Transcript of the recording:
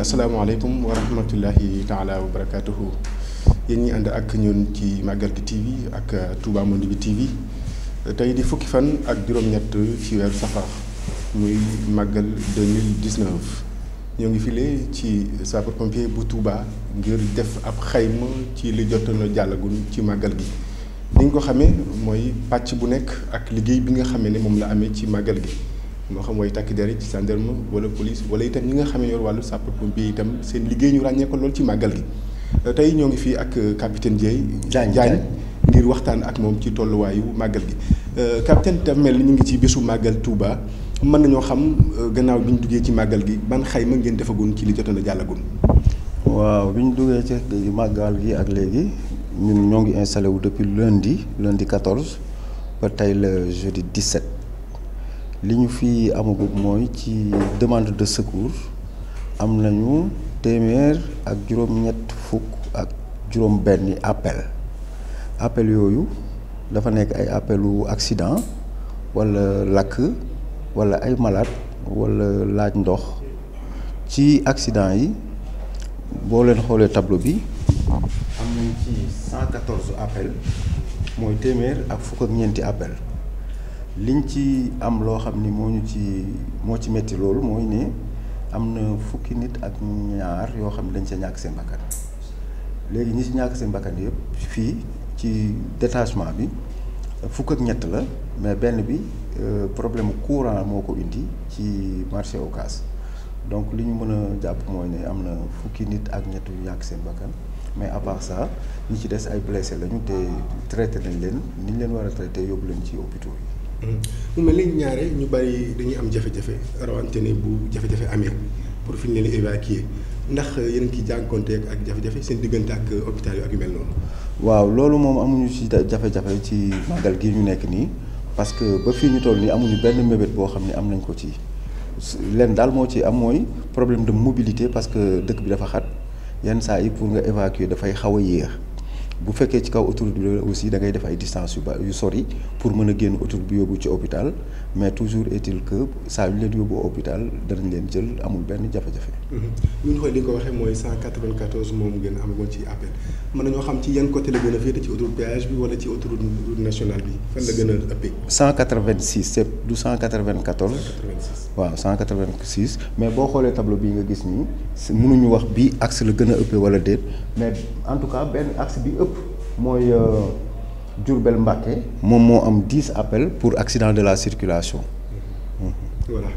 asalaamaaleykum wa rahmatullahi taala wa barakaatuhu yéen ànd ak ñun ci màggal gi TV ak Touba Monde TV tey di fukki fan ak juróom-ñett ci weeru safar muy màggal 2019 ñoo ngi file ci sapeur pompier bu Touba ngir def ab xayma ci li jotoon a jàllagul ci màggal gi ni nga ko xamee mooy pàcc bu nekk ak liggéey bi nga xamee ne moom la amee ci màggal gi. moo xam mooy takk der ci gendarme wala police wala itam ñi nga xam ne yor wàllu sapeur-pompier itam seen liggéey ñu ràññee lool ci màggal gi euh, tey ñoo ngi fii ak euh, capitaine Dieye jaay ngir waxtaan ak moom ci tolluwaayu màggal gi euh, capitaine tam mel ni ñu ngi ci bisu màggal Touba mën na ñoo xam gannaaw bi ñu duggee ci màggal gi ban xayma ngeen defagun ci li jotoon a jàllagun waaw bi ñu duggee ci màggal gi ak léegi ñun ñoo ngi installé wu depuis lundi lundi 14 ba tey le jeudi set li ñu fi amagum mooy ci demande de secours am na ñu téeméer ak juróom-ñett fukk ak juróom-benni appel appel yooyu dafa nekk ay appelu accident walla lakk walla ay malade walla laaj ndox ci accident yi boo leen xoolee tableau bi am nañ ci 114 appel mooy téeméer ak fukk ak ñeenti appel liñ ci am loo xam ni moo ñu ci moo ci métti loolu mooy ne am na fukki nit ak ñaar yoo xam ne dañ ca ñàkk seen bakkan léegi ñi ci ñàkk seen bakkan yëpp fii ci détachement bi fukk ñett la mais benn bi euh, problème courant moo ko indi ci marché Ocass donc li ñu mën a jàpp mooy ne am na fukki nit ak ñett yu ñàkk seen bakkan mais à part ça ñi ci des ay blessé lañu te traité nañ leen ni leen war a traité yóbbu leen ci hôpitaux mu mel ni ñaare ñu bari dañuy am jafe-jafe rawante ni bu jafe-jafe amee pour fi ñu leen évacuer ndax yéen ki jànkonteeg ak jafe-jafe seen diggante ak hôpital yi ak mel noonu. waaw loolu moom amuñu ci jafe-jafe ci màggal gi ñu nekk nii parce que ba fii ñu toll nii amuñu benn mébét boo xam ne am nañ ko ci leen daal moo ci am mooy problème de mobilité parce que dëkk bi dafa xat yenn saa yi pour nga évacuer dafay xaw a yéex. bu fekkee ci kaw autoroute bi aussi da def ay distance yu ba yu sori pour mën a génn autoroute bi yóbbu ci hôpital mais toujours est-il que saa yu leen yóbbu hôpital danañ leen jël amul benn jafe-jafe. bu mmh. ñu xoolee li ko waxee mooy 194 moom ngeen amagoon ci appel mën la gën a féete ci autoroute péage bi wala ci autoroute nationale la gën a ëppee. 186 c'est mais boo xoolee tableau bii nga gis nii mënuñu wax bii la gën a ëppee en tout cas benn axe bi. mooy euh, Diourbel Mbacké moom moo am dix appels pour accident de la circulation voilà